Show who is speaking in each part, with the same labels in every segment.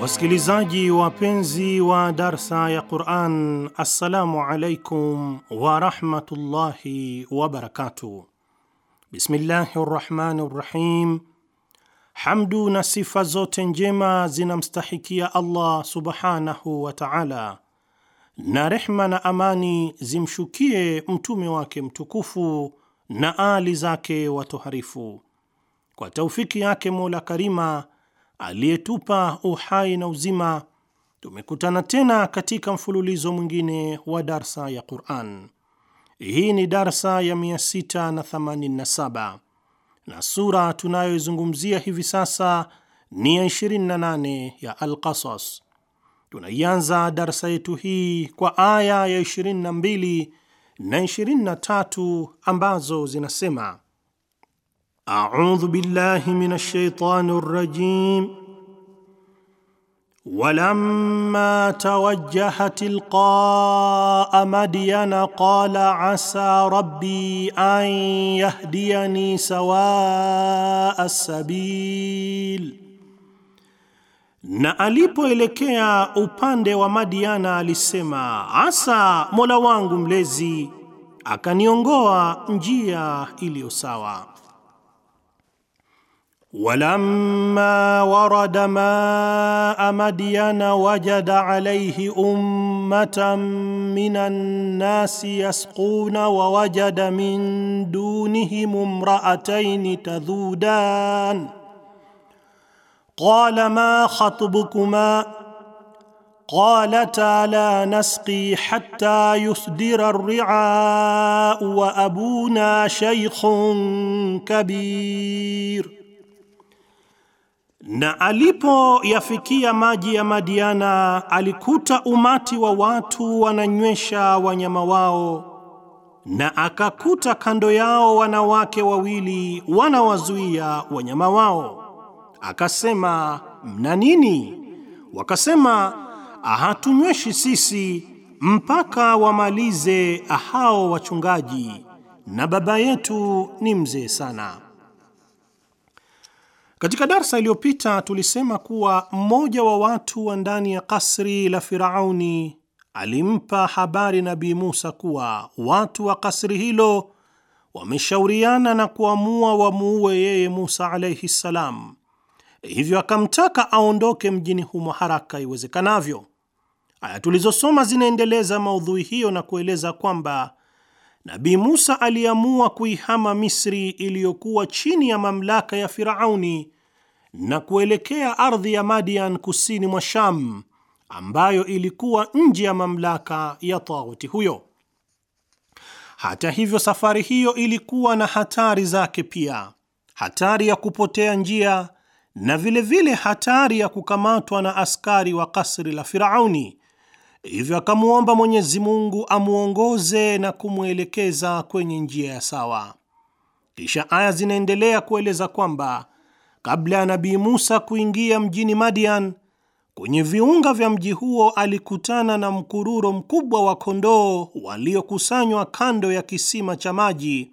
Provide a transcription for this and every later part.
Speaker 1: Wasikilizaji wapenzi wa darsa ya Quran, assalamu alaikum warahmatullahi wabarakatuh. Bismillahi rahmani rahim. Hamdu na sifa zote njema zinamstahikia Allah subhanahu wa taala, na rehma na amani zimshukie mtume wake mtukufu na ali zake watoharifu. Kwa taufiki yake Mola Karima aliyetupa uhai na uzima, tumekutana tena katika mfululizo mwingine wa darsa ya Quran. Hii ni darsa ya 687 na sura tunayoizungumzia hivi sasa ni ya 28 ya al Tunaianza darsa yetu hii kwa aya ya 22 na 23 ambazo zinasema: A'udhu billahi minash shaitani ولما توجه tilqaa مدين قال عسى ربي ان يهديني سواء السبيل na alipoelekea upande wa Madiana alisema, asa Mola wangu mlezi akaniongoa njia iliyo sawa. ولما ورد ماء مدين وجد عليه امه من الناس يسقون ووجد من دونهم امراتين تذودان قال ما خطبكما قالتا لا نسقي حتى يصدر الرعاء وابونا شيخ كبير Na alipoyafikia maji ya Madiana alikuta umati wa watu wananywesha wanyama wao, na akakuta kando yao wanawake wawili wanawazuia wanyama wao. Akasema, mna nini? Wakasema, hatunyweshi sisi mpaka wamalize hao wachungaji, na baba yetu ni mzee sana. Katika darsa iliyopita tulisema kuwa mmoja wa watu wa ndani ya kasri la Firauni alimpa habari Nabii Musa kuwa watu wa kasri hilo wameshauriana na kuamua wamuue yeye Musa alaihi ssalam, hivyo akamtaka aondoke mjini humo haraka iwezekanavyo. Aya tulizosoma zinaendeleza maudhui hiyo na kueleza kwamba nabi Musa aliamua kuihama Misri iliyokuwa chini ya mamlaka ya Firauni na kuelekea ardhi ya Madian kusini mwa Sham ambayo ilikuwa nje ya mamlaka ya taghuti huyo. Hata hivyo, safari hiyo ilikuwa na hatari zake pia, hatari ya kupotea njia na vilevile vile hatari ya kukamatwa na askari wa kasri la Firauni Hivyo akamwomba Mwenyezi Mungu amwongoze na kumwelekeza kwenye njia ya sawa. Kisha aya zinaendelea kueleza kwamba kabla ya Nabii Musa kuingia mjini Madian, kwenye viunga vya mji huo alikutana na mkururo mkubwa wa kondoo waliokusanywa kando ya kisima cha maji,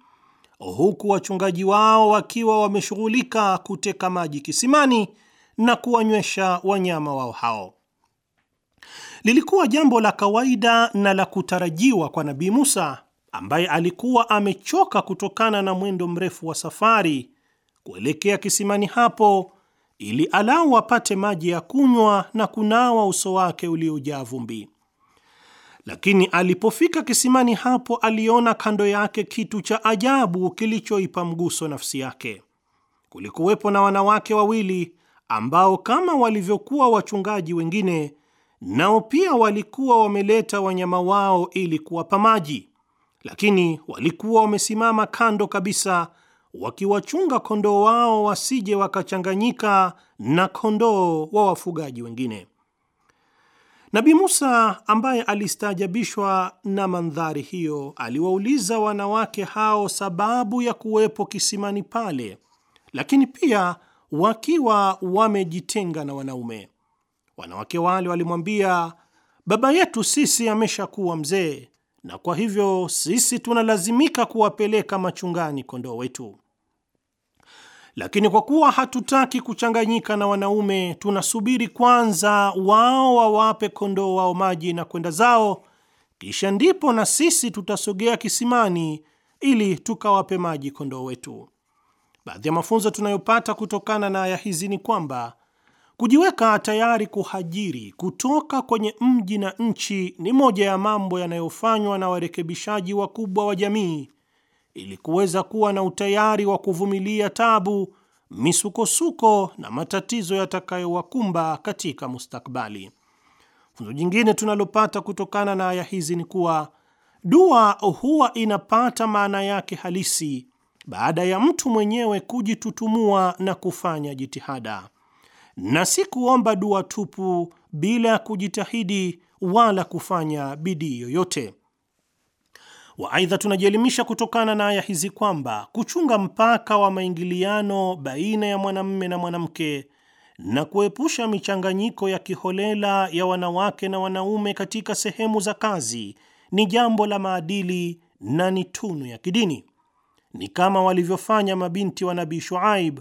Speaker 1: huku wachungaji wao wakiwa wameshughulika kuteka maji kisimani na kuwanywesha wanyama wao hao lilikuwa jambo la kawaida na la kutarajiwa kwa Nabii Musa ambaye alikuwa amechoka kutokana na mwendo mrefu wa safari kuelekea kisimani hapo ili alau apate maji ya kunywa na kunawa uso wake uliojaa vumbi. Lakini alipofika kisimani hapo, aliona kando yake kitu cha ajabu kilichoipa mguso nafsi yake. Kulikuwepo na wanawake wawili ambao kama walivyokuwa wachungaji wengine Nao pia walikuwa wameleta wanyama wao ili kuwapa maji, lakini walikuwa wamesimama kando kabisa, wakiwachunga kondoo wao wasije wakachanganyika na kondoo wa wafugaji wengine. Nabi Musa ambaye alistaajabishwa na mandhari hiyo, aliwauliza wanawake hao sababu ya kuwepo kisimani pale, lakini pia wakiwa wamejitenga na wanaume. Wanawake wale walimwambia, baba yetu sisi ameshakuwa mzee, na kwa hivyo sisi tunalazimika kuwapeleka machungani kondoo wetu, lakini kwa kuwa hatutaki kuchanganyika na wanaume, tunasubiri kwanza wao wawape kondoo wao maji na kwenda zao, kisha ndipo na sisi tutasogea kisimani ili tukawape maji kondoo wetu. Baadhi ya mafunzo tunayopata kutokana na aya hizi ni kwamba Kujiweka tayari kuhajiri kutoka kwenye mji na nchi ni moja ya mambo yanayofanywa na warekebishaji wakubwa wa jamii ili kuweza kuwa na utayari wa kuvumilia tabu, misukosuko na matatizo yatakayowakumba katika mustakbali Funzo jingine tunalopata kutokana na aya hizi ni kuwa dua huwa inapata maana yake halisi baada ya mtu mwenyewe kujitutumua na kufanya jitihada na si kuomba dua tupu bila ya kujitahidi wala kufanya bidii yoyote. wa Aidha, tunajielimisha kutokana na aya hizi kwamba kuchunga mpaka wa maingiliano baina ya mwanamme na mwanamke na kuepusha michanganyiko ya kiholela ya wanawake na wanaume katika sehemu za kazi ni jambo la maadili na ni tunu ya kidini, ni kama walivyofanya mabinti wa Nabii Shuaib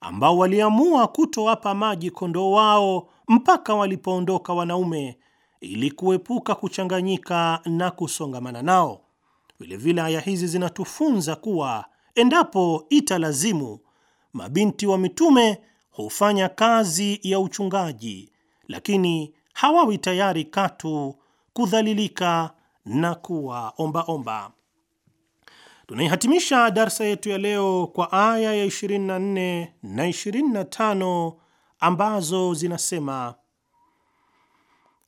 Speaker 1: ambao waliamua kutowapa maji kondoo wao mpaka walipoondoka wanaume, ili kuepuka kuchanganyika na kusongamana nao. Vilevile aya hizi zinatufunza kuwa endapo italazimu, mabinti wa mitume hufanya kazi ya uchungaji, lakini hawawi tayari katu kudhalilika na kuwa ombaomba omba. Tunaihatimisha darsa yetu ya leo kwa aya ya 24 na 25 ambazo zinasema: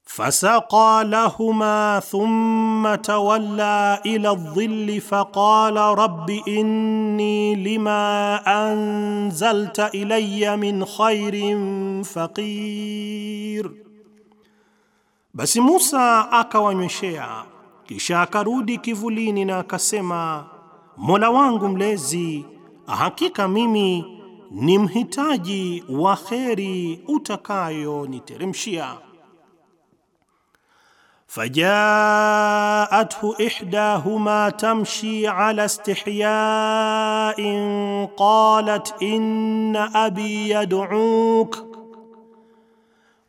Speaker 1: fasaqa lahuma thumma tawalla ila dhilli faqala rabbi inni lima anzalta ilayya min khairin faqir, basi Musa akawanyweshea kisha akarudi kivulini na akasema Mola wangu mlezi, hakika mimi ni mhitaji wa kheri utakayoniteremshia. Fajaathu ihdahuma tamshi ala istihyain qalat inna abi yad'uk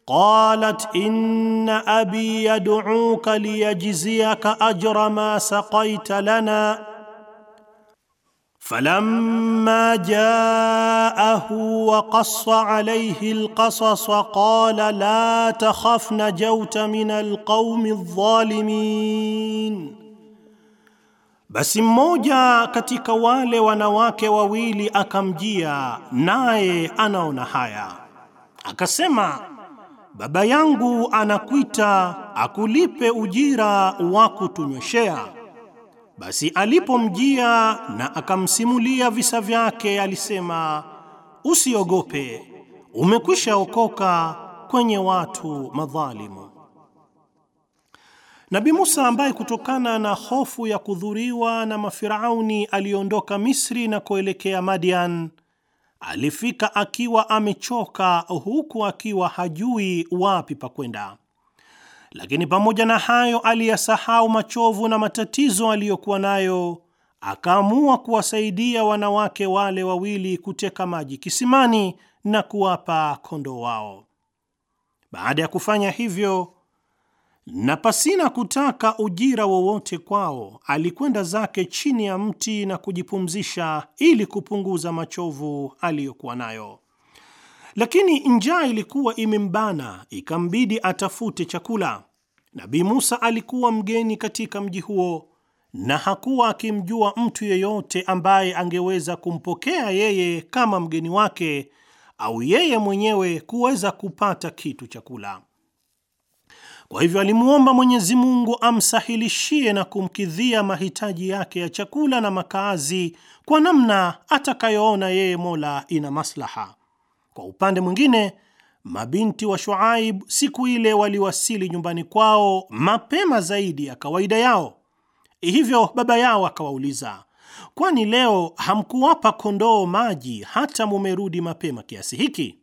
Speaker 1: قالت إن أبي يدعوك ليجزيك أجر ما سقيت لنا فلما جاءه وقص عليه القصص قال لا تخف نجوت من القوم الظالمين Basi mmoja katika wale wanawake wawili akamjia, naye anaona haya, akasema, baba yangu anakuita akulipe ujira wa kutunyoshea basi alipomjia na akamsimulia visa vyake, alisema usiogope, umekwisha okoka kwenye watu madhalimu. Nabi Musa ambaye kutokana na hofu ya kudhuriwa na mafirauni aliondoka Misri na kuelekea Madian, alifika akiwa amechoka, huku akiwa hajui wapi pa kwenda. Lakini pamoja na hayo, aliyasahau machovu na matatizo aliyokuwa nayo, akaamua kuwasaidia wanawake wale wawili kuteka maji kisimani na kuwapa kondoo wao. Baada ya kufanya hivyo na pasina kutaka ujira wowote kwao, alikwenda zake chini ya mti na kujipumzisha ili kupunguza machovu aliyokuwa nayo lakini njaa ilikuwa imembana, ikambidi atafute chakula. Nabii Musa alikuwa mgeni katika mji huo na hakuwa akimjua mtu yeyote ambaye angeweza kumpokea yeye kama mgeni wake au yeye mwenyewe kuweza kupata kitu chakula Kwa hivyo alimwomba Mwenyezi Mungu amsahilishie na kumkidhia mahitaji yake ya chakula na makazi kwa namna atakayoona yeye Mola ina maslaha. Kwa upande mwingine, mabinti wa Shuaib siku ile waliwasili nyumbani kwao mapema zaidi ya kawaida yao, hivyo baba yao akawauliza, kwani leo hamkuwapa kondoo maji hata mumerudi mapema kiasi hiki?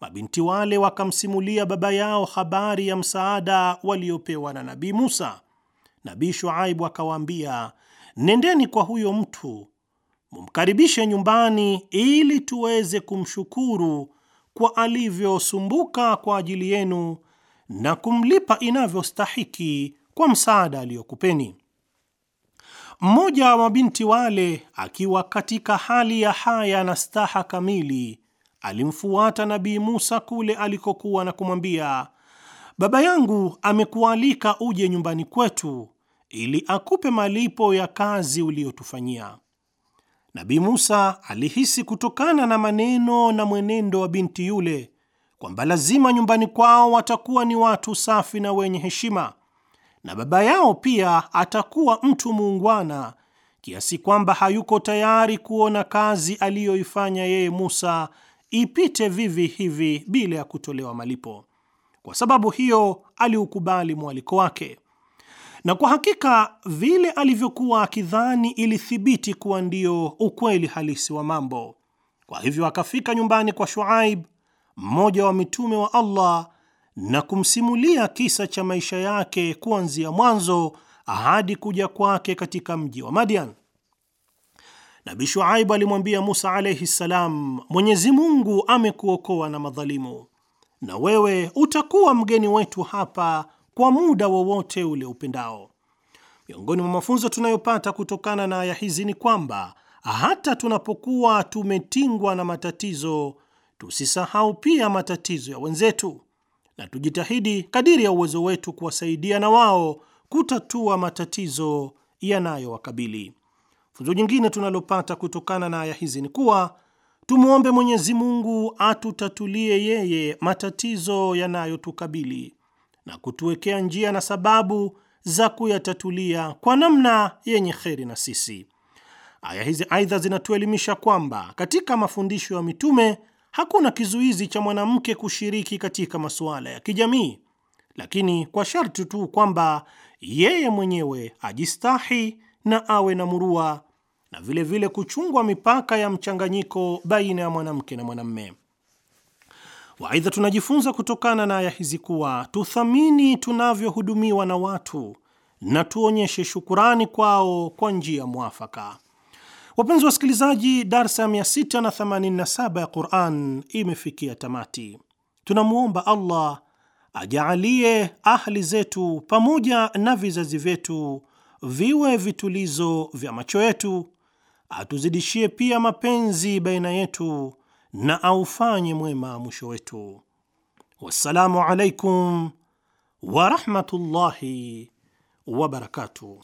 Speaker 1: Mabinti wale wakamsimulia baba yao habari ya msaada waliopewa na Nabii Musa. Nabii Shuaibu akawaambia, nendeni kwa huyo mtu mumkaribishe nyumbani ili tuweze kumshukuru kwa alivyosumbuka kwa ajili yenu na kumlipa inavyostahiki kwa msaada aliyokupeni. Mmoja wa mabinti wale akiwa katika hali ya haya na staha kamili alimfuata Nabii Musa kule alikokuwa na kumwambia, baba yangu amekualika uje nyumbani kwetu ili akupe malipo ya kazi uliyotufanyia nabi Musa alihisi kutokana na maneno na mwenendo wa binti yule kwamba lazima nyumbani kwao watakuwa ni watu safi na wenye heshima, na baba yao pia atakuwa mtu muungwana, kiasi kwamba hayuko tayari kuona kazi aliyoifanya yeye Musa ipite vivi hivi bila ya kutolewa malipo. Kwa sababu hiyo aliukubali mwaliko wake na kwa hakika vile alivyokuwa akidhani ilithibiti kuwa ndio ukweli halisi wa mambo. Kwa hivyo akafika nyumbani kwa Shuaib, mmoja wa mitume wa Allah, na kumsimulia kisa cha maisha yake kuanzia mwanzo hadi kuja kwake katika mji wa Madian. nabi Shuaib alimwambia Musa alayhi ssalam, Mwenyezi Mungu amekuokoa na madhalimu, na wewe utakuwa mgeni wetu hapa kwa muda wowote ule upendao. Miongoni mwa mafunzo tunayopata kutokana na aya hizi ni kwamba hata tunapokuwa tumetingwa na matatizo, tusisahau pia matatizo ya wenzetu na tujitahidi kadiri ya uwezo wetu kuwasaidia na wao kutatua matatizo yanayowakabili. Funzo jingine tunalopata kutokana na aya hizi ni kuwa tumwombe Mwenyezi Mungu atutatulie yeye matatizo yanayotukabili na kutuwekea njia na sababu za kuyatatulia kwa namna yenye kheri na sisi. Aya hizi aidha zinatuelimisha kwamba katika mafundisho ya mitume hakuna kizuizi cha mwanamke kushiriki katika masuala ya kijamii, lakini kwa sharti tu kwamba yeye mwenyewe ajistahi na awe na murua, na vilevile vile kuchungwa mipaka ya mchanganyiko baina ya mwanamke na mwanamme. Waidha, tunajifunza kutokana na aya hizi kuwa tuthamini tunavyohudumiwa na watu na tuonyeshe shukurani kwao kwa njia mwafaka. Wapenzi wasikilizaji, darsa ya 687 ya Quran imefikia tamati. Tunamwomba Allah ajaalie ahli zetu pamoja na vizazi vyetu viwe vitulizo vya macho yetu, atuzidishie pia mapenzi baina yetu na aufanye mwema mwisho wetu. Wassalamu alaikum warahmatullahi wabarakatuh.